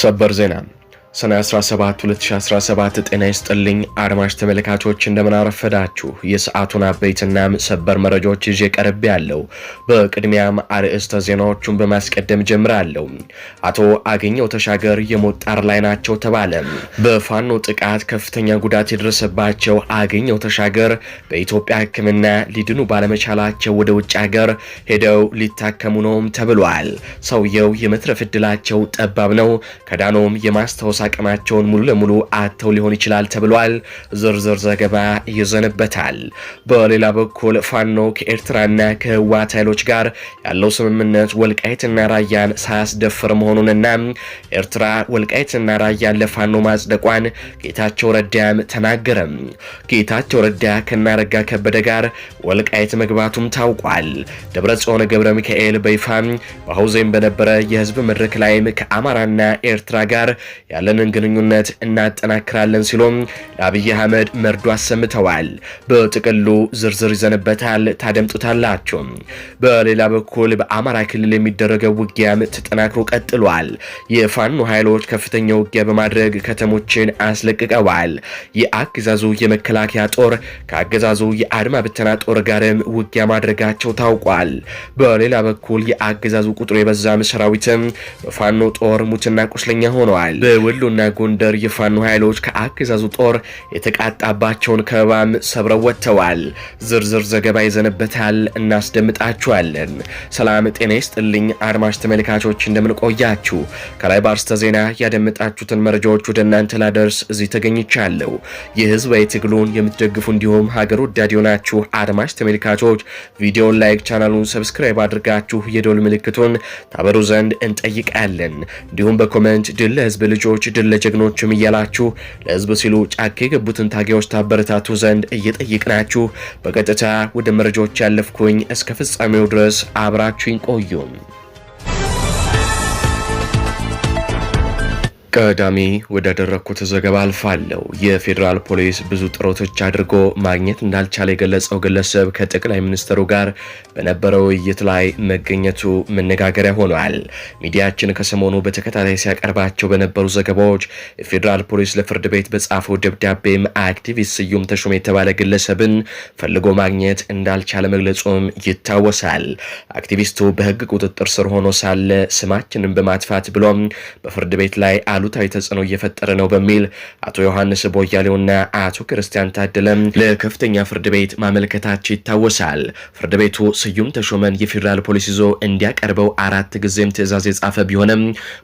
ሰበር ዜና ሰኔ 17 2017። ጤና ይስጥልኝ አድማጭ ተመልካቾች እንደምን አረፈዳችሁ። የሰዓቱን አበይትና ሰበር መረጃዎች ይዤ ቀርቤ ያለው። በቅድሚያም አርዕስተ ዜናዎቹን በማስቀደም ጀምራለሁ። አቶ አገኘው ተሻገር የሞት ጣር ላይ ናቸው ተባለ። በፋኖ ጥቃት ከፍተኛ ጉዳት የደረሰባቸው አገኘው ተሻገር በኢትዮጵያ ሕክምና ሊድኑ ባለመቻላቸው ወደ ውጭ ሀገር ሄደው ሊታከሙ ነውም ተብሏል። ሰውየው የመትረፍ ዕድላቸው ጠባብ ነው። ከዳኖም የማስታወሳ አቅማቸውን ሙሉ ለሙሉ አጥተው ሊሆን ይችላል ተብሏል። ዝርዝር ዘገባ ይዘንበታል። በሌላ በኩል ፋኖ ከኤርትራና ከህወሓት ኃይሎች ጋር ያለው ስምምነት ወልቃይትና ራያን ሳያስደፍር መሆኑንና ኤርትራ ወልቃይትና ራያን ለፋኖ ማጽደቋን ጌታቸው ረዳም ተናገረም። ጌታቸው ረዳ ከናረጋ ከበደ ጋር ወልቃይት መግባቱም ታውቋል። ደብረጽዮን ገብረ ሚካኤል በይፋ በሐውዜን በነበረ የህዝብ መድረክ ላይም ከአማራና ኤርትራ ጋር ያለ ያለንን ግንኙነት እናጠናክራለን ሲሉም ለአብይ አህመድ መርዶ አሰምተዋል። በጥቅሉ ዝርዝር ይዘንበታል፣ ታደምጡታላችሁ። በሌላ በኩል በአማራ ክልል የሚደረገው ውጊያም ተጠናክሮ ቀጥሏል። የፋኖ ኃይሎች ከፍተኛ ውጊያ በማድረግ ከተሞችን አስለቅቀዋል። የአገዛዙ የመከላከያ ጦር ከአገዛዙ የአድማ ብተና ጦር ጋርም ውጊያ ማድረጋቸው ታውቋል። በሌላ በኩል የአገዛዙ ቁጥሩ የበዛም ሰራዊትም በፋኖ ጦር ሙትና ቁስለኛ ሆነዋል። በወሎ ወሎና ጎንደር የፋኖ ኃይሎች ከአገዛዙ ጦር የተቃጣባቸውን ከበባም ሰብረው ወጥተዋል። ዝርዝር ዘገባ ይዘንበታል፣ እናስደምጣችኋለን። ሰላም ጤና ይስጥልኝ አድማሽ ተመልካቾች፣ እንደምንቆያችሁ ከላይ ባርስተ ዜና ያደመጣችሁትን መረጃዎች ወደ እናንተ ላደርስ እዚህ ተገኝቻለሁ። የህዝባዊ ትግሉን የምትደግፉ እንዲሁም ሀገር ወዳድ የሆናችሁ አድማሽ ተመልካቾች ቪዲዮን ላይክ፣ ቻናሉን ሰብስክራይብ አድርጋችሁ የዶል ምልክቱን ታበሩ ዘንድ እንጠይቃለን። እንዲሁም በኮመንት ድል ለህዝብ ልጆች ድል ለጀግኖችም እያላችሁ ለህዝብ ሲሉ ጫካ የገቡትን ታጋዮች ታበረታቱ ዘንድ እየጠየቅናችሁ በቀጥታ ወደ መረጃዎች ያለፍኩኝ እስከ ፍጻሜው ድረስ አብራችሁኝ ቆዩም። ቀዳሚ ወዳደረግኩት ዘገባ አልፋለሁ። የፌዴራል ፖሊስ ብዙ ጥረቶች አድርጎ ማግኘት እንዳልቻለ የገለጸው ግለሰብ ከጠቅላይ ሚኒስትሩ ጋር በነበረው ውይይት ላይ መገኘቱ መነጋገሪያ ሆኗል። ሚዲያችን ከሰሞኑ በተከታታይ ሲያቀርባቸው በነበሩ ዘገባዎች የፌዴራል ፖሊስ ለፍርድ ቤት በጻፈው ደብዳቤም አክቲቪስት ስዩም ተሾመ የተባለ ግለሰብን ፈልጎ ማግኘት እንዳልቻለ መግለጹም ይታወሳል። አክቲቪስቱ በህግ ቁጥጥር ስር ሆኖ ሳለ ስማችንን በማጥፋት ብሎም በፍርድ ቤት ላይ አሉ አሉታዊ ተጽዕኖ እየፈጠረ ነው በሚል አቶ ዮሐንስ ቦያሌውና አቶ ክርስቲያን ታደለም ለከፍተኛ ፍርድ ቤት ማመልከታቸው ይታወሳል። ፍርድ ቤቱ ስዩም ተሾመን የፌዴራል ፖሊስ ይዞ እንዲያቀርበው አራት ጊዜም ትዕዛዝ የጻፈ ቢሆንም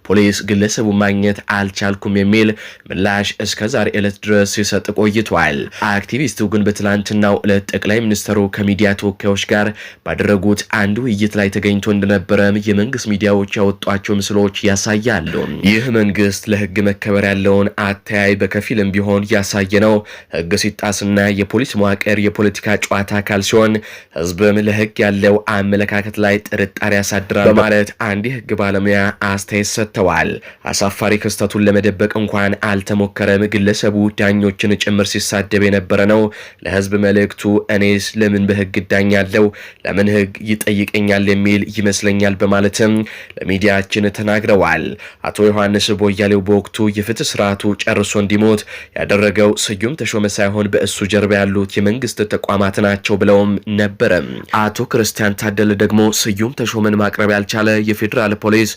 ፖሊስ ግለሰቡ ማግኘት አልቻልኩም የሚል ምላሽ እስከ ዛሬ ዕለት ድረስ ሲሰጥ ቆይቷል። አክቲቪስቱ ግን በትላንትናው ዕለት ጠቅላይ ሚኒስትሩ ከሚዲያ ተወካዮች ጋር ባደረጉት አንድ ውይይት ላይ ተገኝቶ እንደነበረም የመንግስት ሚዲያዎች ያወጧቸው ምስሎች ያሳያሉ። ይህ መንግስት ለህግ መከበር ያለውን አተያይ በከፊልም ቢሆን ያሳየ ነው። ህግ ሲጣስና የፖሊስ መዋቅር የፖለቲካ ጨዋታ አካል ሲሆን ህዝብም ለህግ ያለው አመለካከት ላይ ጥርጣሬ ያሳድራል በማለት አንድ የህግ ባለሙያ አስተያየት ሰጥተዋል። አሳፋሪ ክስተቱን ለመደበቅ እንኳን አልተሞከረም። ግለሰቡ ዳኞችን ጭምር ሲሳደብ የነበረ ነው። ለህዝብ መልእክቱ እኔስ ለምን በህግ እዳኛለሁ? ለምን ህግ ይጠይቀኛል? የሚል ይመስለኛል በማለትም ለሚዲያችን ተናግረዋል። አቶ ዮሐንስ ቦያሌው በወቅቱ የፍትህ ስርዓቱ ጨርሶ እንዲሞት ያደረገው ስዩም ተሾመ ሳይሆን በእሱ ጀርባ ያሉት የመንግስት ተቋማት ናቸው ብለውም ነበረ። አቶ ክርስቲያን ታደለ ደግሞ ስዩም ተሾመን ማቅረብ ያልቻለ የፌዴራል ፖሊስ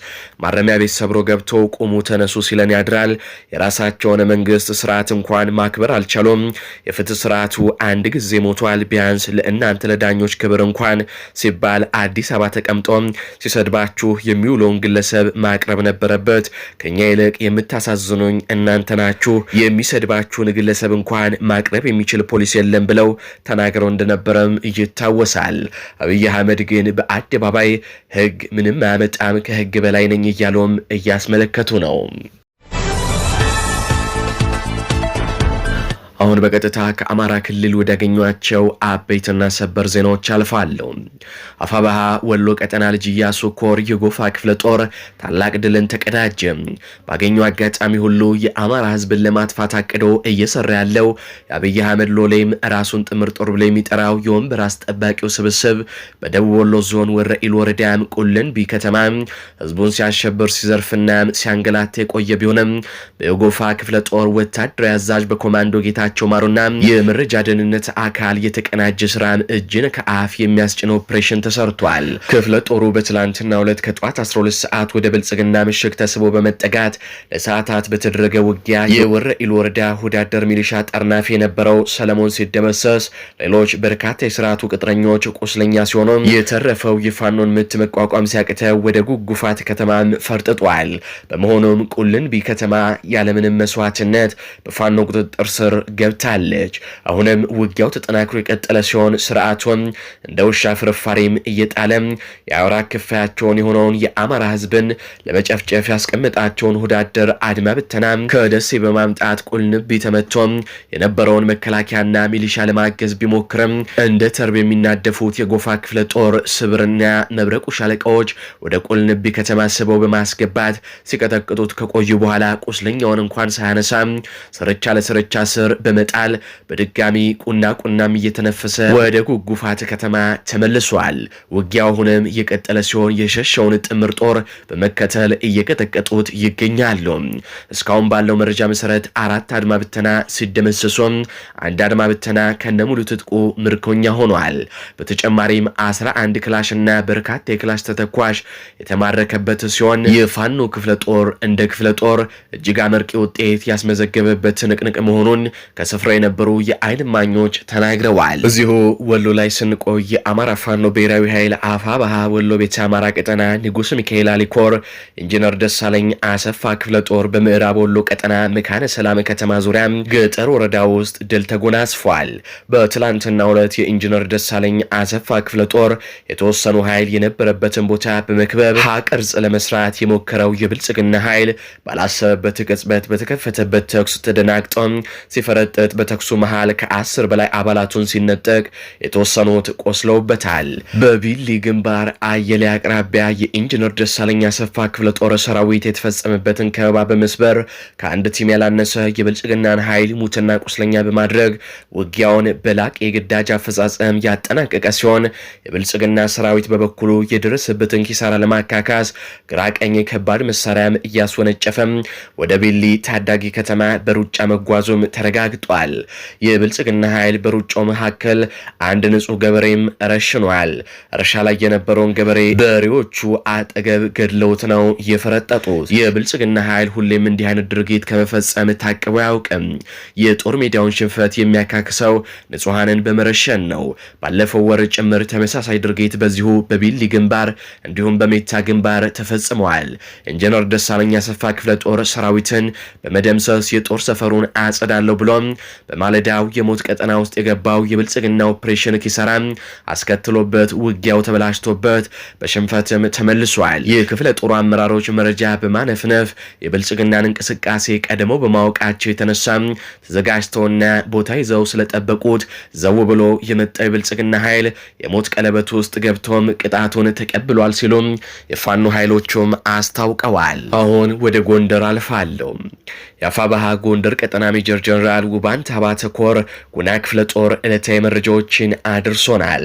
ማረሚያ ቤት ሰብሮ ገብቶ ቁሙ ተነሱ ሲለን ያድራል። የራሳቸውን መንግስት ስርዓት እንኳን ማክበር አልቻሉም። የፍትህ ስርዓቱ አንድ ጊዜ ሞቷል። ቢያንስ ለእናንተ ለዳኞች ክብር እንኳን ሲባል አዲስ አበባ ተቀምጦ ሲሰድባችሁ የሚውለውን ግለሰብ ማቅረብ ነበረበት። ከኛ ይልቅ የምታሳዝኑኝ እናንተ ናችሁ፣ የሚሰድባችሁን ግለሰብ እንኳን ማቅረብ የሚችል ፖሊስ የለም ብለው ተናግረው እንደነበረም ይታወሳል። አብይ አህመድ ግን በአደባባይ ህግ ምንም አያመጣም ከህግ በላይ ነኝ እያሉም እያስመለከቱ ነው። አሁን በቀጥታ ከአማራ ክልል ወዳገኟቸው አበይትና ሰበር ዜናዎች አልፋለሁ። አፋባሃ ወሎ ቀጠና ልጅ ኢያሱ ኮር የጎፋ ክፍለ ጦር ታላቅ ድልን ተቀዳጀ። ባገኙ አጋጣሚ ሁሉ የአማራ ህዝብን ለማጥፋት አቅዶ እየሰራ ያለው የአብይ አህመድ ሎሌም ራሱን ጥምር ጦር ብሎ የሚጠራው የወንበር አስጠባቂው ስብስብ በደቡብ ወሎ ዞን ወረኢሉ ወረዳም ቁልንቢ ከተማ ህዝቡን ሲያሸብር ሲዘርፍና ሲያንገላት የቆየ ቢሆንም በየጎፋ ክፍለ ጦር ወታደራዊ አዛዥ በኮማንዶ ጌታ ጌታቸው ማሩና የመረጃ ደህንነት አካል የተቀናጀ ስራን እጅን ከአፍ የሚያስጭን ኦፕሬሽን ተሰርቷል። ክፍለ ጦሩ በትላንትና ሁለት ከጠዋት 12 ሰዓት ወደ ብልጽግና ምሽግ ተስቦ በመጠጋት ለሰዓታት በተደረገ ውጊያ የወረኢሉ ወረዳ ሆዳደር ሚሊሻ ጠርናፊ የነበረው ሰለሞን ሲደመሰስ፣ ሌሎች በርካታ የስርዓቱ ቅጥረኞች ቁስለኛ ሲሆኑ የተረፈው የፋኖን ምት መቋቋም ሲያቅተው ወደ ጉጉፋት ከተማም ፈርጥጧል። በመሆኑም ቁልንቢ ከተማ ያለምንም መስዋዕትነት በፋኖ ቁጥጥር ስር ገብታለች። አሁንም ውጊያው ተጠናክሮ የቀጠለ ሲሆን ስርዓቱን እንደ ውሻ ፍርፋሪም እየጣለም የአውራ ክፋያቸውን የሆነውን የአማራ ህዝብን ለመጨፍጨፍ ያስቀመጣቸውን ሁዳደር አድማ ብተና ከደሴ በማምጣት ቁልንብ ተመቶ የነበረውን መከላከያና ሚሊሻ ለማገዝ ቢሞክርም እንደ ተርብ የሚናደፉት የጎፋ ክፍለ ጦር ስብርና መብረቁ ሻለቃዎች ወደ ቁልንቢ ከተማ ስበው በማስገባት ሲቀጠቅጡት ከቆዩ በኋላ ቁስለኛውን እንኳን ሳያነሳ ስርቻ ለስርቻ ስር በመጣል በድጋሚ ቁና ቁናም እየተነፈሰ ወደ ጉጉፋት ከተማ ተመልሷል። ውጊያው አሁንም እየቀጠለ ሲሆን የሸሸውን ጥምር ጦር በመከተል እየቀጠቀጡት ይገኛሉ። እስካሁን ባለው መረጃ መሰረት አራት አድማ ብተና ሲደመሰሱም አንድ አድማ ብተና ከነሙሉ ትጥቁ ምርኮኛ ሆኗል። በተጨማሪም 11 እና በርካታ የክላሽ ተተኳሽ የተማረከበት ሲሆን የፋኖ ክፍለ ጦር እንደ ክፍለ ጦር እጅግ አመርቂ ውጤት ያስመዘገበበት ንቅንቅ መሆኑን ከስፍራው የነበሩ የአይን ማኞች ተናግረዋል። እዚሁ ወሎ ላይ ስንቆይ አማራ ፋኖ ብሔራዊ ኃይል አፋ ባሃ ወሎ ቤተ አማራ ቀጠና ንጉስ ሚካኤል አሊኮር ኢንጂነር ደሳለኝ አሰፋ ክፍለ ጦር በምዕራብ ወሎ ቀጠና መካነ ሰላም ከተማ ዙሪያ ገጠር ወረዳ ውስጥ ድል ተጎናጽፏል። በትላንትና ሁለት የኢንጂነር ደሳለኝ አሰፋ ክፍለ ጦር የተወሰኑ ኃይል የነበረበትን ቦታ በመክበብ ሀቅርጽ ቅርጽ ለመስራት የሞከረው የብልጽግና ኃይል ባላሰበበት ቅጽበት በተከፈተበት ተኩስ ተደናግጦ ሲፈረ ሲፈለጥጥ በተኩሱ መሃል ከአስር በላይ አባላቱን ሲነጠቅ የተወሰኑት ቆስለውበታል። በቢሊ ግንባር አየሌ አቅራቢያ የኢንጂነር ደሳለኝ አሰፋ ክፍለ ጦር ሰራዊት የተፈጸመበትን ከበባ በመስበር ከአንድ ቲም ያላነሰ የብልጽግናን ኃይል ሙትና ቁስለኛ በማድረግ ውጊያውን በላቅ የግዳጅ አፈጻጸም ያጠናቀቀ ሲሆን የብልጽግና ሰራዊት በበኩሉ የደረሰበትን ኪሳራ ለማካካስ ግራቀኝ ከባድ መሳሪያም እያስወነጨፈም ወደ ቢሊ ታዳጊ ከተማ በሩጫ መጓዙም ተረጋግ አረጋግጧል። የብልጽግና ኃይል በሩጫው መካከል አንድ ንጹህ ገበሬም ረሽኗል። እርሻ ላይ የነበረውን ገበሬ በሬዎቹ አጠገብ ገድለውት ነው የፈረጠጡት። የብልጽግና ኃይል ሁሌም እንዲህ አይነት ድርጊት ከመፈጸም ታቅቦ አያውቅም። የጦር ሜዳውን ሽንፈት የሚያካክሰው ንጹሐንን በመረሸን ነው። ባለፈው ወር ጭምር ተመሳሳይ ድርጊት በዚሁ በቢሊ ግንባር እንዲሁም በሜታ ግንባር ተፈጽመዋል። ኢንጂነር ደሳለኝ አሰፋ ክፍለ ጦር ሰራዊትን በመደምሰስ የጦር ሰፈሩን አጸዳለሁ ብሎም በማለዳው የሞት ቀጠና ውስጥ የገባው የብልጽግና ኦፕሬሽን ኪሳራ አስከትሎበት ውጊያው ተበላሽቶበት በሽንፈትም ተመልሷል። ይህ ክፍለ ጦሩ አመራሮች መረጃ በማነፍነፍ የብልጽግናን እንቅስቃሴ ቀድመው በማወቃቸው የተነሳ ተዘጋጅተውና ቦታ ይዘው ስለጠበቁት ዘው ብሎ የመጣው የብልጽግና ኃይል የሞት ቀለበት ውስጥ ገብቶም ቅጣቱን ተቀብሏል ሲሉም የፋኖ ኃይሎቹም አስታውቀዋል። አሁን ወደ ጎንደር አልፋለሁ። ባህ ጎንደር ቀጠና ሜጀር ጀነራል ውባንት አባተ ኮር ጉና ክፍለ ጦር ዕለታዊ መረጃዎችን አድርሶናል።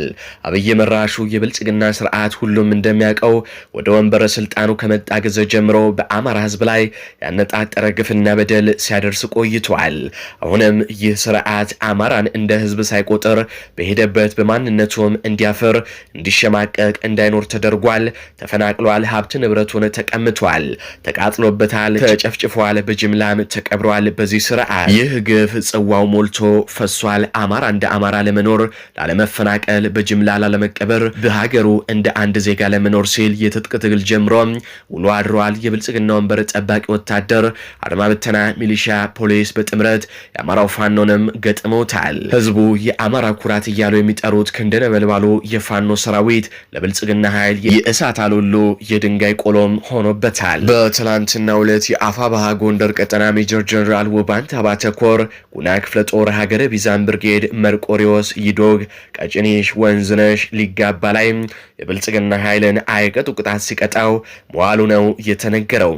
አብይ መራሹ የብልጽግና ስርዓት ሁሉም እንደሚያውቀው ወደ ወንበረ ስልጣኑ ከመጣ ጊዜ ጀምሮ በአማራ ህዝብ ላይ ያነጣጠረ ግፍና በደል ሲያደርስ ቆይቷል። አሁንም ይህ ስርዓት አማራን እንደ ህዝብ ሳይቆጥር በሄደበት በማንነቱም እንዲያፍር፣ እንዲሸማቀቅ፣ እንዳይኖር ተደርጓል። ተፈናቅሏል። ሀብት ንብረቱን ተቀምቷል፣ ተቃጥሎበታል፣ ተጨፍጭፏል፣ በጅምላም ተቀብረዋል። በዚህ ስርዓት ይህ ግፍ ጽዋው ሞልቶ ፈሷል። አማራ እንደ አማራ ለመኖር ላለመፈናቀል፣ በጅምላ ላለመቀበር፣ በሀገሩ እንደ አንድ ዜጋ ለመኖር ሲል የትጥቅ ትግል ጀምሮ ውሎ አድሯል። የብልጽግና ወንበር ጠባቂ ወታደር፣ አድማ ብተና፣ ሚሊሻ፣ ፖሊስ በጥምረት የአማራው ፋኖንም ገጥመውታል። ህዝቡ የአማራ ኩራት እያሉ የሚጠሩት ክንደነበልባሉ የፋኖ ሰራዊት ለብልጽግና ኃይል የእሳት አሉሉ የድንጋይ ቆሎም ሆኖበታል። በትላንትና ዕለት የአፋ ባህ ጎንደር ቀጠና ሜጀር ጀነራል ውባንት አባተኮር ጉና ክፍለ ጦር ሀገረ ቢዛን ብርጌድ መርቆሪዎስ ይዶግ ቀጭኔሽ ወንዝነሽ ሊጋባ ላይ የብልጽግና ኃይልን አይቀጡ ቅጣት ሲቀጣው መዋሉ ነው የተነገረው።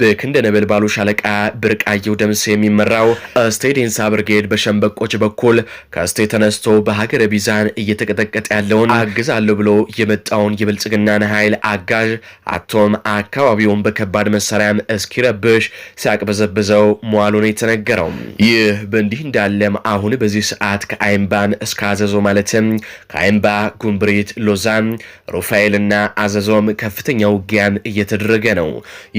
በክንደ ነበልባሉ ሻለቃ ብርቃየው ደምስ የሚመራው ስቴዴንሳ ብርጌድ በሸንበቆች በኩል ከስቴ ተነስቶ በሀገረ ቢዛን እየተቀጠቀጠ ያለውን አግዛለሁ ብሎ የመጣውን የብልጽግናን ኃይል አጋዥ አቶም አካባቢውን በከባድ መሳሪያም እስኪረብሽ ሲያቅበዘብዘ ተይዘው መዋሉ ነው የተነገረው። ይህ በእንዲህ እንዳለም አሁን በዚህ ሰዓት ከአይምባን እስከ አዘዞ ማለትም ከአይምባ፣ ጉምብሪት፣ ሎዛን፣ ሩፋኤልና አዘዞም ከፍተኛ ውጊያን እየተደረገ ነው።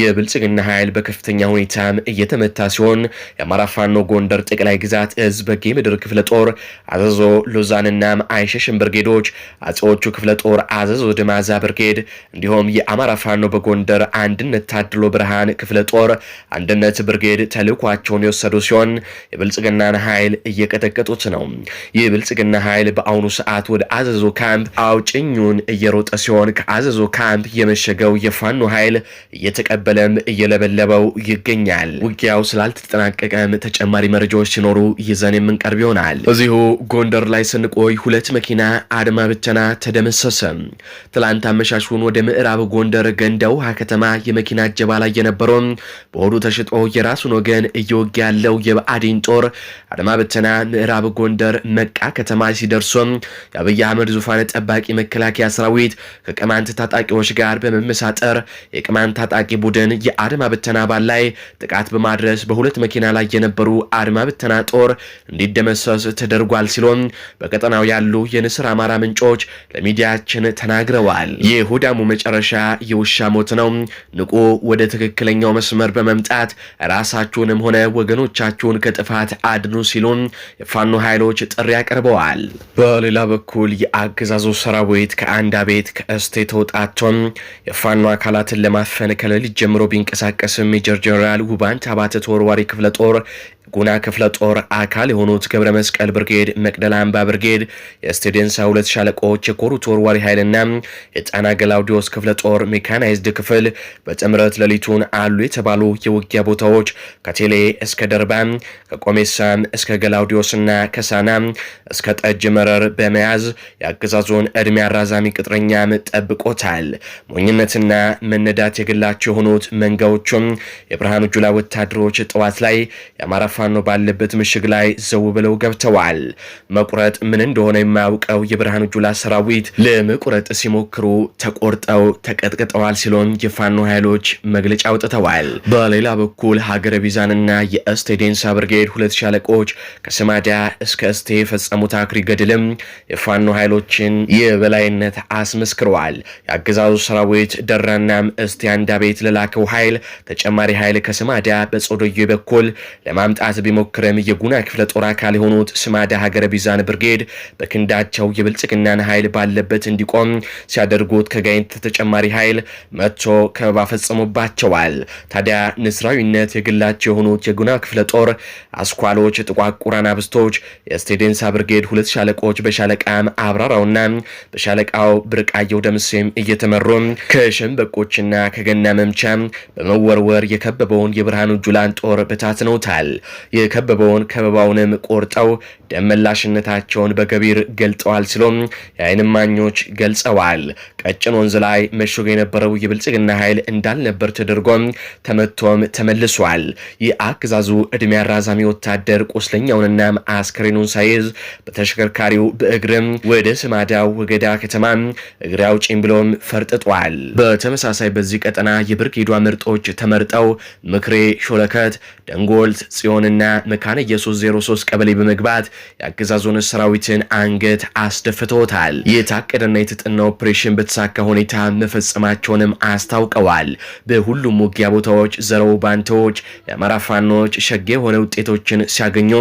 የብልጽግና ኃይል በከፍተኛ ሁኔታም እየተመታ ሲሆን የአማራ ፋኖ ጎንደር ጠቅላይ ግዛት እዝ በጌ ምድር ክፍለ ጦር አዘዞ፣ ሎዛንና አይሸሽን ብርጌዶች፣ አጼዎቹ ክፍለ ጦር አዘዞ ድማዛ ብርጌድ እንዲሁም የአማራ ፋኖ በጎንደር አንድነት ታድሎ ብርሃን ክፍለ ጦር አንድነት ብርጌድ ተልኳቸውን የወሰዱ ሲሆን የብልጽግናን ኃይል እየቀጠቀጡት ነው። ይህ ብልጽግና ኃይል በአሁኑ ሰዓት ወደ አዘዞ ካምፕ አውጭኙን እየሮጠ ሲሆን ከአዘዞ ካምፕ የመሸገው የፋኖ ኃይል እየተቀበለም እየለበለበው ይገኛል። ውጊያው ስላልተጠናቀቀም ተጨማሪ መረጃዎች ሲኖሩ ይዘን የምንቀርብ ይሆናል። እዚሁ ጎንደር ላይ ስንቆይ ሁለት መኪና አድማ ብተና ተደመሰሰ። ትላንት አመሻሹን ወደ ምዕራብ ጎንደር ገንደ ውሃ ከተማ የመኪና እጀባ ላይ የነበረው በሆዱ ተሽጦ የራሱን ወገን እየወጋ ያለው የብአዴን ጦር አድማ ብተና ምዕራብ ጎንደር መቃ ከተማ ሲደርሱም የአብይ አህመድ ዙፋን ጠባቂ መከላከያ ሰራዊት ከቅማንት ታጣቂዎች ጋር በመመሳጠር የቅማንት ታጣቂ ቡድን የአድማ ብተና አባል ላይ ጥቃት በማድረስ በሁለት መኪና ላይ የነበሩ አድማ ብተና ጦር እንዲደመሰስ ተደርጓል ሲሎም በቀጠናው ያሉ የንስር አማራ ምንጮች ለሚዲያችን ተናግረዋል። የሁዳሙ መጨረሻ የውሻ ሞት ነው። ንቁ ወደ ትክክለኛው መስመር በመምጣት ራሳ ራሳችሁንም ሆነ ወገኖቻችሁን ከጥፋት አድኑ ሲሉም የፋኖ ኃይሎች ጥሪ አቅርበዋል። በሌላ በኩል የአገዛዙ ሰራዊት ከአንድ አቤት ከእስቴ ተውጣቶም የፋኖ አካላትን ለማፈን ከሌሊት ጀምሮ ቢንቀሳቀስም ሜጀር ጀኔራል ውባንት አባተ ተወርዋሪ ክፍለ ጦር ጉና ክፍለ ጦር አካል የሆኑት ገብረ መስቀል ብርጌድ፣ መቅደላ አምባ ብርጌድ፣ የስቴደንሳ ሁለት ሻለቆች፣ የኮሩ ተወርዋሪ ኃይልና የጣና ገላውዲዮስ ክፍለ ጦር ሜካናይዝድ ክፍል በጥምረት ሌሊቱን አሉ የተባሉ የውጊያ ቦታዎች ከቴሌ እስከ ደርባ፣ ከቆሜሳ እስከ ገላውዲዮስና ከሳና እስከ ጠጅ መረር በመያዝ የአገዛዙን ዕድሜ አራዛሚ ቅጥረኛም ጠብቆታል። ሞኝነትና መነዳት የግላቸው የሆኑት መንጋዎቹም የብርሃኑ ጁላ ወታደሮች ጠዋት ላይ የአማራ ፋኖ ባለበት ምሽግ ላይ ዘው ብለው ገብተዋል። መቁረጥ ምን እንደሆነ የማያውቀው የብርሃኑ ጁላ ሰራዊት ለመቁረጥ ሲሞክሩ ተቆርጠው ተቀጥቅጠዋል ሲሉን የፋኖ ኃይሎች መግለጫ አውጥተዋል። በሌላ በኩል ሀገረ ቢዛንና የእስቴ ዴንሳ ብርጌድ ሁለት ሻለቆች ከሰማዳ እስከ እስቴ የፈጸሙት አኩሪ ገድልም የፋኖ ኃይሎችን የበላይነት አስመስክረዋል። የአገዛዙ ሰራዊት ደራናም እስቴ አንዳቤት ለላከው ኃይል ተጨማሪ ኃይል ከሰማዳ በጾዶዬ በኩል ለማምጣት ለማጥቃት ቢሞክርም የጉና ክፍለ ጦር አካል የሆኑት ስማዳ ሀገረ ቢዛን ብርጌድ በክንዳቸው የብልጽግናን ኃይል ባለበት እንዲቆም ሲያደርጉት ከጋይንት ተጨማሪ ኃይል መጥቶ ከበባ ፈጽሞባቸዋል። ታዲያ ንስራዊነት የግላቸው የሆኑት የጉና ክፍለ ጦር አስኳሎች፣ ጥቋቁር አናብስቶች፣ የስቴዴንሳ ብርጌድ ሁለት ሻለቆች በሻለቃም አብራራውና በሻለቃው ብርቃየው ደምሴም እየተመሩ ከሸምበቆችና ከገና መምቻ በመወርወር የከበበውን የብርሃኑ ጁላን ጦር በታትነውታል። የከበበውን ከበባውንም ቆርጠው ደመላሽነታቸውን በገቢር ገልጠዋል ሲሎም የአይን እማኞች ገልጸዋል። ቀጭን ወንዝ ላይ መሽጎ የነበረው የብልጽግና ኃይል እንዳልነበር ተደርጎም ተመቶም ተመልሷል። የአገዛዙ ዕድሜ አራዛሚ ወታደር ቁስለኛውንና አስከሬኑን ሳይዝ በተሽከርካሪው በእግርም ወደ ስማዳው ወገዳ ከተማ እግር አውጪኝ ብሎም ፈርጥጧል። በተመሳሳይ በዚህ ቀጠና የብርጌዷ ምርጦች ተመርጠው ምክሬ፣ ሾለከት፣ ደንጎልት፣ ጽዮን ዞንና መካነ ኢየሱስ 03 ቀበሌ በመግባት የአገዛዙን ሰራዊትን አንገት አስደፍቶታል። የታቀደና የተጠና ኦፕሬሽን በተሳካ ሁኔታ መፈጸማቸውንም አስታውቀዋል። በሁሉም ውጊያ ቦታዎች ዘረው ባንቶች የአማራ ፋኖች ሸገ የሆነ ውጤቶችን ሲያገኙ፣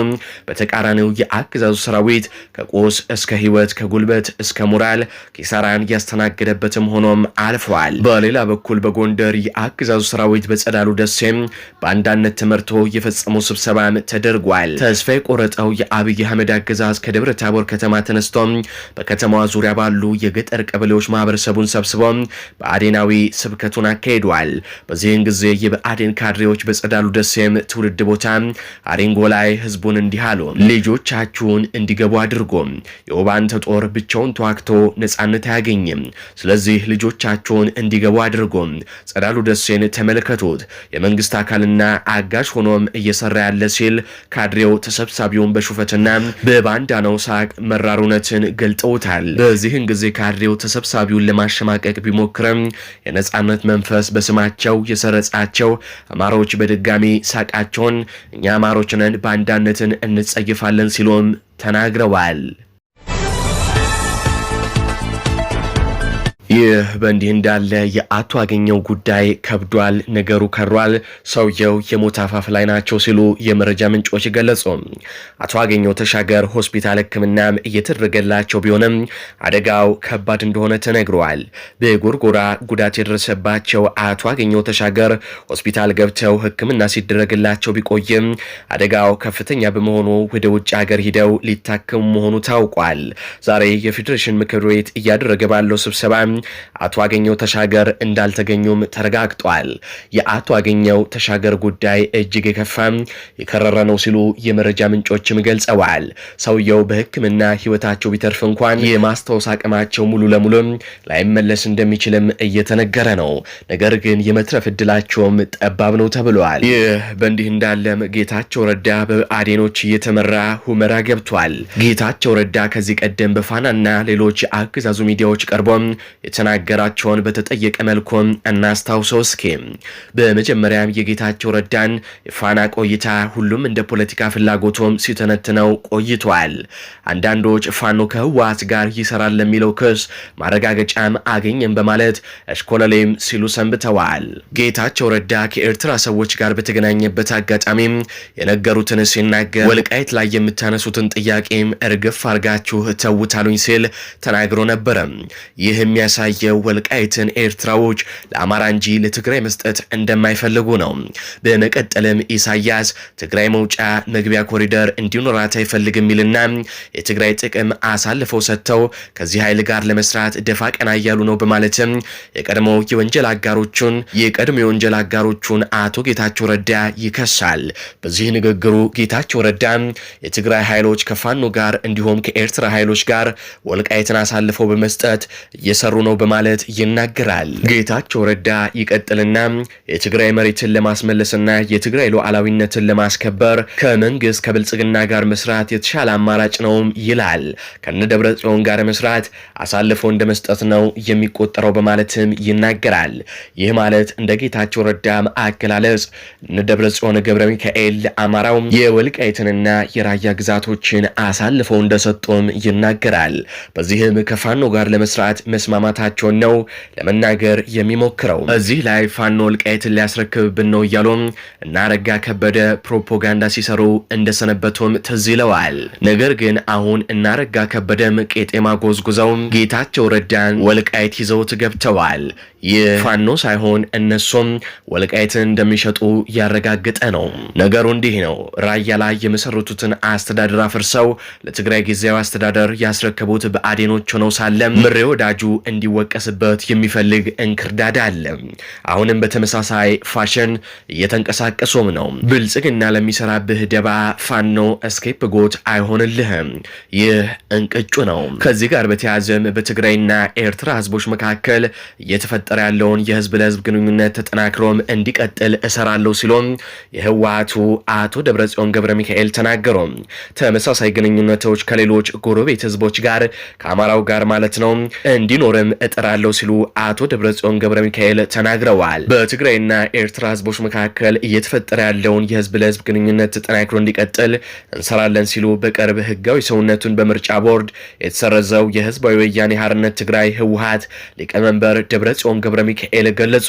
በተቃራኒው የአገዛዙ ሰራዊት ከቁስ እስከ ህይወት ከጉልበት እስከ ሞራል ኪሳራን ያስተናገደበትም ሆኖም አልፈዋል። በሌላ በኩል በጎንደር የአገዛዙ ሰራዊት በጸዳሉ ደሴም በአንዳነት ተመርቶ የፈጸመው ስብሰ ስብሰባም ተደርጓል። ተስፋ የቆረጠው የአብይ አህመድ አገዛዝ ከደብረ ታቦር ከተማ ተነስቶ በከተማዋ ዙሪያ ባሉ የገጠር ቀበሌዎች ማህበረሰቡን ሰብስቦ በአዴናዊ ስብከቱን አካሂዷል። በዚህን ጊዜ የበአዴን ካድሬዎች በጸዳሉ ደሴም ትውልድ ቦታ አሪንጎ ላይ ህዝቡን እንዲህ አሉ። ልጆቻችሁን እንዲገቡ አድርጎ የኦባንተ ጦር ብቻውን ተዋክቶ ነጻነት አያገኝም። ስለዚህ ልጆቻችሁን እንዲገቡ አድርጎ ጸዳሉ ደሴን ተመልከቱት። የመንግስት አካልና አጋዥ ሆኖም እየሰራ አለ ሲል ካድሬው ተሰብሳቢውን በሹፈትና በባንዳናው ሳቅ መራር እውነትን ገልጠውታል። በዚህን ጊዜ ካድሬው ተሰብሳቢውን ለማሸማቀቅ ቢሞክርም የነጻነት መንፈስ በስማቸው የሰረጻቸው አማሮች በድጋሚ ሳቃቸውን እኛ አማሮች ነን ባንዳነትን እንጸይፋለን ሲሎም ተናግረዋል። ይህ በእንዲህ እንዳለ የአቶ አገኘው ጉዳይ ከብዷል፣ ነገሩ ከሯል፣ ሰውየው የሞት አፋፍ ላይ ናቸው ሲሉ የመረጃ ምንጮች ገለጹ። አቶ አገኘው ተሻገር ሆስፒታል ሕክምናም እየተደረገላቸው ቢሆንም አደጋው ከባድ እንደሆነ ተነግረዋል። በጎርጎራ ጉዳት የደረሰባቸው አቶ አገኘው ተሻገር ሆስፒታል ገብተው ሕክምና ሲደረግላቸው ቢቆይም አደጋው ከፍተኛ በመሆኑ ወደ ውጭ ሀገር ሂደው ሊታከሙ መሆኑ ታውቋል። ዛሬ የፌዴሬሽን ምክር ቤት እያደረገ ባለው ስብሰባ አቶ አገኘው ተሻገር እንዳልተገኙም ተረጋግጧል። የአቶ አገኘው ተሻገር ጉዳይ እጅግ የከፋም የከረረ ነው ሲሉ የመረጃ ምንጮችም ገልጸዋል። ሰውየው በሕክምና ህይወታቸው ቢተርፍ እንኳን የማስታወስ አቅማቸው ሙሉ ለሙሉም ላይመለስ እንደሚችልም እየተነገረ ነው። ነገር ግን የመትረፍ እድላቸውም ጠባብ ነው ተብሏል። ይህ በእንዲህ እንዳለም ጌታቸው ረዳ በአዴኖች እየተመራ ሁመራ ገብቷል። ጌታቸው ረዳ ከዚህ ቀደም በፋናና ሌሎች አገዛዙ ሚዲያዎች ቀርቦም የተናገራቸውን በተጠየቀ መልኩ እናስታውሰው እስኪ። በመጀመሪያም የጌታቸው ረዳን የፋና ቆይታ ሁሉም እንደ ፖለቲካ ፍላጎቱም ሲተነትነው ቆይቷል። አንዳንዶች ፋኖ ከህወሓት ጋር ይሰራል ለሚለው ክስ ማረጋገጫም አገኘም በማለት እሽኮለሌም ሲሉ ሰንብተዋል። ጌታቸው ረዳ ከኤርትራ ሰዎች ጋር በተገናኘበት አጋጣሚም የነገሩትን ሲናገር ወልቃይት ላይ የምታነሱትን ጥያቄም እርግፍ አርጋችሁ ተውታሉኝ ሲል ተናግሮ ነበረ። ይህ የሚያሳ ያሳየው ወልቃይትን ኤርትራዎች ለአማራ እንጂ ለትግራይ መስጠት እንደማይፈልጉ ነው። በመቀጠልም ኢሳያስ ትግራይ መውጫ መግቢያ ኮሪደር እንዲኖራት አይፈልግ የሚልና የትግራይ ጥቅም አሳልፈው ሰጥተው ከዚህ ኃይል ጋር ለመስራት ደፋ ቀና እያሉ ነው በማለትም የቀድሞ የወንጀል አጋሮቹን የቀድሞ የወንጀል አጋሮቹን አቶ ጌታቸው ረዳ ይከሳል። በዚህ ንግግሩ ጌታቸው ረዳ የትግራይ ኃይሎች ከፋኖ ጋር እንዲሁም ከኤርትራ ኃይሎች ጋር ወልቃይትን አሳልፈው በመስጠት እየሰሩ ነው ነው በማለት ይናገራል። ጌታቸው ረዳ ይቀጥልና የትግራይ መሬትን ለማስመለስና የትግራይ ሉዓላዊነትን ለማስከበር ከመንግስት ከብልጽግና ጋር መስራት የተሻለ አማራጭ ነው ይላል። ከነ ደብረ ጽዮን ጋር መስራት አሳልፎ እንደ መስጠት ነው የሚቆጠረው በማለትም ይናገራል። ይህ ማለት እንደ ጌታቸው ረዳ አገላለጽ እነ ደብረ ጽዮን ገብረ ሚካኤል አማራው የወልቃይትንና የራያ ግዛቶችን አሳልፈው እንደሰጡም ይናገራል። በዚህም ከፋኖ ጋር ለመስራት መስማማት ማለታቸውን ነው ለመናገር የሚሞክረው። እዚህ ላይ ፋኖ ወልቃይትን ሊያስረክብብን ነው እያሉም እና ከበደ ፕሮፓጋንዳ ሲሰሩ እንደሰነበቱም ትዝ ይለዋል። ነገር ግን አሁን እና አረጋ ከበደም ቄጤማ ጎዝጉዘው ጌታቸው ረዳን ወልቃይት ይዘውት ገብተዋል። የፋኖ ሳይሆን እነሱም ወልቃይትን እንደሚሸጡ ያረጋገጠ ነው። ነገሩ እንዲህ ነው። ራያ ላይ የመሰረቱትን አስተዳደር አፍርሰው ለትግራይ ጊዜያዊ አስተዳደር ያስረከቡት በአዴኖች ሆነው ሳለ ምሬ ወዳጁ እንዲወቀስበት የሚፈልግ እንክርዳድ አለ። አሁንም በተመሳሳይ ፋሽን እየተንቀሳቀሱም ነው። ብልጽግና ለሚሰራብህ ደባ ፋኖ እስኬፕ ጎት አይሆንልህም። ይህ እንቅጩ ነው። ከዚህ ጋር በተያያዘም በትግራይና ኤርትራ ህዝቦች መካከል እየተፈጠ እየተፈጠረ ያለውን የህዝብ ለህዝብ ግንኙነት ተጠናክሮም እንዲቀጥል እሰራለሁ ሲሎም የህወሓቱ አቶ ደብረጽዮን ገብረ ሚካኤል ተናገሩ። ተመሳሳይ ግንኙነቶች ከሌሎች ጎረቤት ህዝቦች ጋር ከአማራው ጋር ማለት ነው እንዲኖርም እጥራለሁ ሲሉ አቶ ደብረጽዮን ገብረ ሚካኤል ተናግረዋል። በትግራይና ኤርትራ ህዝቦች መካከል እየተፈጠረ ያለውን የህዝብ ለህዝብ ግንኙነት ተጠናክሮ እንዲቀጥል እንሰራለን ሲሉ በቅርብ ህጋዊ ሰውነቱን በምርጫ ቦርድ የተሰረዘው የህዝባዊ ወያኔ ሀርነት ትግራይ ህወሀት ሊቀመንበር ደብረጽዮን ገብረ ሚካኤል ገለጹ።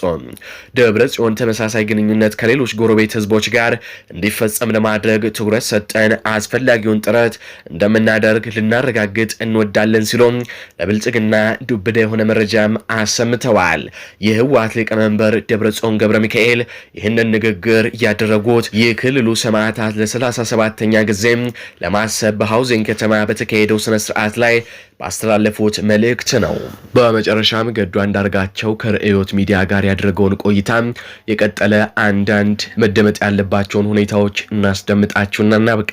ደብረ ጽዮን ተመሳሳይ ግንኙነት ከሌሎች ጎረቤት ህዝቦች ጋር እንዲፈጸም ለማድረግ ትኩረት ሰጠን አስፈላጊውን ጥረት እንደምናደርግ ልናረጋግጥ እንወዳለን ሲሉም ለብልጽግና ዱብዳ የሆነ መረጃም አሰምተዋል። የህወሓት ሊቀመንበር ደብረ ጽዮን ገብረ ሚካኤል ይህንን ንግግር ያደረጉት የክልሉ ሰማዕታት ለ 37 ተኛ ጊዜም ለማሰብ በሀውዜን ከተማ በተካሄደው ስነስርዓት ላይ ባስተላለፉት መልእክት ነው። በመጨረሻም ገዱ አንዳርጋቸው ከርዕዮት ሚዲያ ጋር ያደረገውን ቆይታ የቀጠለ አንዳንድ መደመጥ ያለባቸውን ሁኔታዎች እናስደምጣችሁና እናብቃ።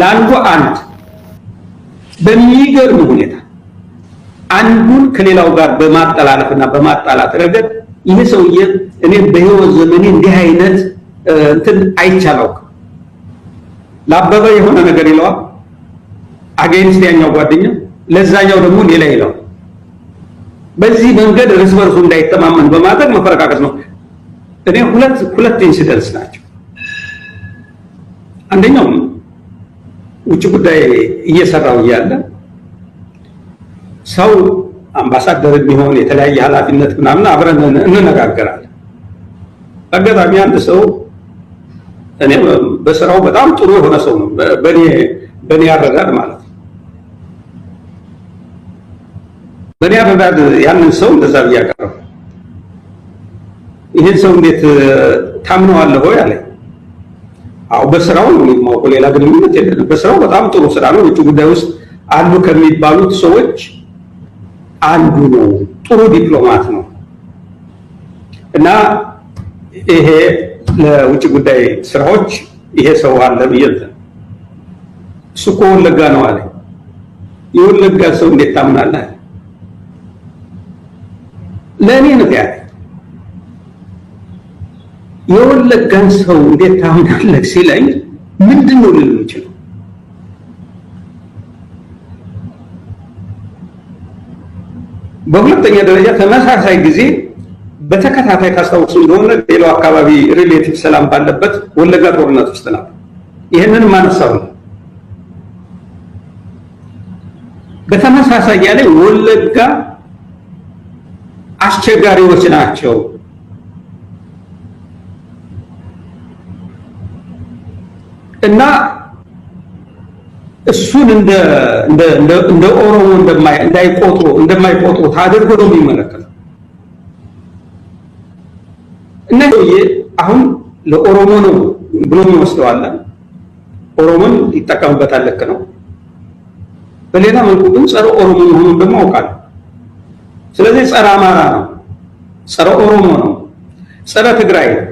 ለአንዱ አንድ በሚገርም ሁኔታ አንዱን ከሌላው ጋር በማጠላለፍና በማጣላት ረገድ ይህ ሰውዬ እኔ በህይወት ዘመኔ እንዲህ አይነት እንትን አይቻላውቅ። ላበበ የሆነ ነገር ይለዋል አገኝስ ያኛው ጓደኛ ለዛኛው ደግሞ ሌላ ይላል። በዚህ መንገድ እርስ በርሱ እንዳይተማመን በማድረግ መፈረካከስ ነው። እኔ ሁለት ሁለት ኢንሲደንስ ናቸው። አንደኛው ውጭ ጉዳይ እየሰራው እያለ ሰው አምባሳደር የሚሆን የተለያየ ኃላፊነት ምናምን አብረን እንነጋገራለን። አጋጣሚ አንድ ሰው እኔ በስራው በጣም ጥሩ የሆነ ሰው ነው፣ በእኔ ያረዳል ማለት በእኔ አበባድ ያንን ሰው እንደዛ ብዬ አቀረብኩ። ይህን ሰው እንዴት ታምነዋለህ ሆይ አለኝ። አዎ በስራው ነው የማውቀው፣ ሌላ ግንኙነት የለንም። በስራው በጣም ጥሩ ስራ ነው። ውጭ ጉዳይ ውስጥ አሉ ከሚባሉት ሰዎች አንዱ ነው። ጥሩ ዲፕሎማት ነው እና ይሄ ለውጭ ጉዳይ ስራዎች ይሄ ሰው አለ ብዬ እሱ እኮ ወለጋ ነው አለኝ። የወለጋ ሰው እንዴት ታምናለህ? ለእኔ ነው ያለ። የወለጋን ሰው እንዴት ታምናለህ ሲለኝ ምንድን ነው ልል የምችለው? በሁለተኛ ደረጃ ተመሳሳይ ጊዜ በተከታታይ ካስታውሱ እንደሆነ ሌላው አካባቢ ሪሌቲቭ ሰላም ባለበት ወለጋ ጦርነት ውስጥ ነበር። ይህንን ማነሳው ነው። በተመሳሳይ ያለ ወለጋ አስቸጋሪዎች ናቸው። እና እሱን እንደ ኦሮሞ እንዳይቆጥሩ እንደማይቆጥሩ ታደርጎ ነው የሚመለከተው። እና አሁን ለኦሮሞ ነው ብሎ የሚወስደዋለን። ኦሮሞን ይጠቀምበታል። ልክ ነው። በሌላ መልኩ ግን ጸረ ኦሮሞ መሆኑን ደግሞ አውቃለሁ። ስለዚህ ጸረ አማራ ነው፣ ጸረ ኦሮሞ ነው፣ ጸረ ትግራይ ነው